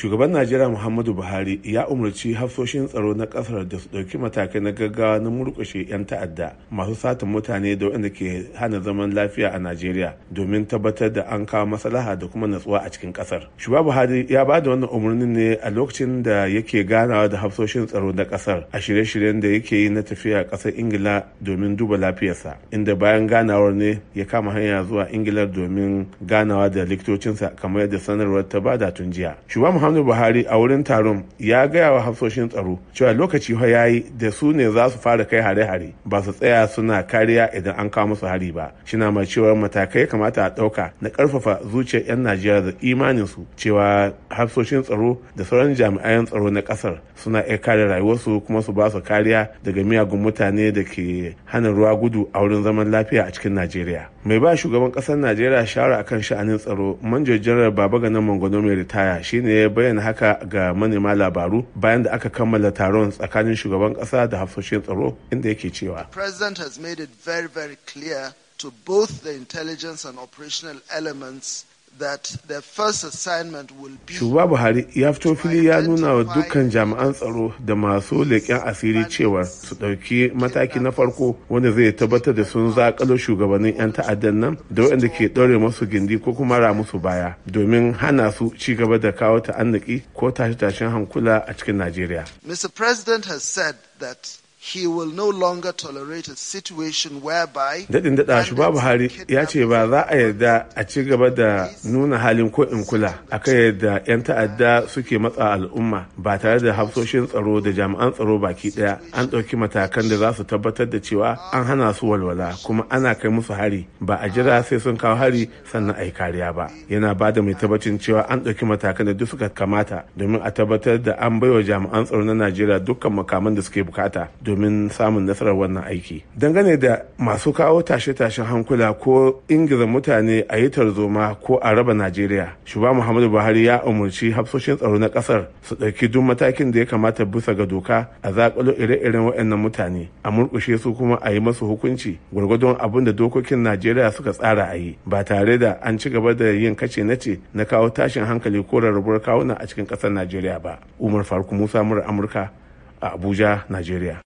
shugaban najeriya muhammadu buhari ya umarci hafsoshin tsaro na kasar da su ɗauki matakai na gaggawa na murkushe 'yan ta'adda masu satin mutane da waɗanda ke hana zaman lafiya a najeriya domin tabbatar da an kawo maslaha da kuma natsuwa a cikin kasar shugaban buhari ya ba da wannan umarnin ne a lokacin da yake ganawa da hafsoshin tsaro na kasar a shirye-shiryen da yake yi na tafiya kasar ingila domin duba lafiyarsa inda bayan ganawar ne ya kama hanya zuwa ingila domin ganawa da likitocinsa kamar yadda sanarwar ta bada tun jiya shugaba muhammadu buhari a wurin taron ya gaya wa hafsoshin tsaro cewa lokaci fa yayi da su ne za su fara kai hare-hare ba su tsaya suna kariya idan an kawo musu hari ba shina mai cewa matakai kamata a ɗauka na ƙarfafa zuciyar 'yan najeriya da imanin su cewa hafsoshin tsaro da sauran jami'an tsaro na ƙasar suna iya kare rayuwarsu kuma su ba su kariya daga miyagun mutane da ke hana ruwa gudu a wurin zaman lafiya a cikin najeriya mai ba shugaban ƙasar najeriya shawara akan sha'anin tsaro manjo janar baba ganin mangono mai ritaya shine ya bayyana haka ga manema labaru bayan da aka kammala taron tsakanin shugaban da hafsoshin tsaro inda yake cewa. President has made it very very clear to both the intelligence and operational elements Shugaba Buhari ya fito fili ya nuna wa dukkan jami'an tsaro da masu leƙen asiri cewa su ɗauki mataki na farko wanda zai tabbatar da sun zaƙalo shugabannin 'yan ta'addan nan da waɗanda ke ɗaure masu gindi ko kuma ra musu baya domin hana su ci gaba da kawo ta'annaki ko tashe-tashen hankula a cikin Najeriya. Mr. President has said that he will no longer tolerate a situation daɗin daɗa babu buhari ya ce ba za a yarda a ci gaba da nuna halin ko in kula akan yadda 'yan ta'adda suke matsa al'umma ba tare da hafsoshin tsaro da jami'an tsaro baki ɗaya an ɗauki matakan da za su tabbatar da cewa an hana su walwala kuma ana kai musu hari ba a jira sai sun kawo hari sannan a yi kariya ba yana ba da mai tabbacin cewa an ɗauki matakan da duk suka kamata domin a tabbatar da an baiwa jami'an tsaro na najeriya dukkan makaman da suke bukata domin samun nasarar wannan aiki dangane da masu kawo tashe-tashen hankula ko ingiza mutane a yi tarzoma ko a raba najeriya shuba muhammadu buhari ya umarci hafsoshin tsaro na kasar su ɗauki duk matakin da ya kamata bisa ga doka a zakalo ire-iren waɗannan mutane a murƙushe su kuma a yi masu hukunci gwargwadon abin da dokokin najeriya suka tsara a yi ba tare da an ci gaba da yin kace na ce na kawo tashin hankali ko rarrabuwar kawuna a cikin ƙasar najeriya ba umar faruk musa murar amurka a abuja najeriya